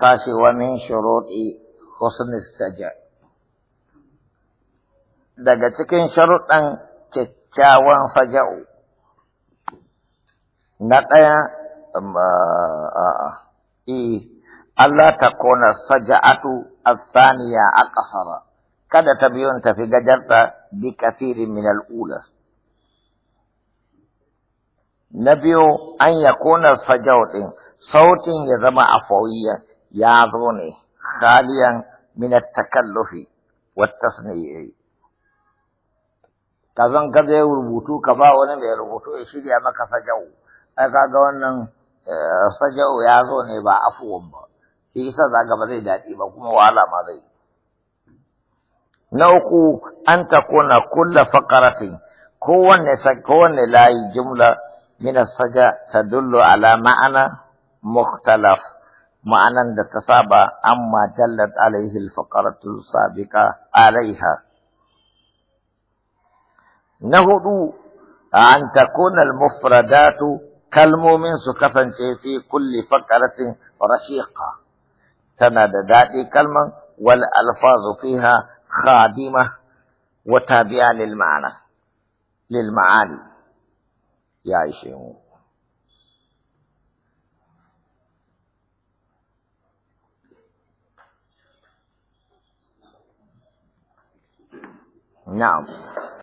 فاشي ومن شروط حسن السجع daga cikin sharuɗan kyakkyawan saja'u na ɗaya um, Allah ta kona saja'atu الثانية أقصر كذا تبيون في قدرت بكثير من الأولى نبي أن يكون الفجوت صوت يزمع عفويا يعظوني خاليا من التكلف والتصنيع تظن كذا يربوتو كبا وانا بيربوتو يشيل يا مكا سجاو اكا دون آه، سجاو يعظوني با افوم با كيسا ذاك بدي داتي با كما وعلا ما نوكو ان تكون كل فقرة كون سكون لاي جملة من السجا تدل على معنى مختلف معنان تصابا اما جلت عليه الفقرة السابقة عليها نهدو عن تكون المفردات كالمؤمن سكفا في كل فقرة رشيقة تناد ذاتي كلمة والالفاظ فيها خادمة وتابعة للمعنى للمعاني يا عيشي Now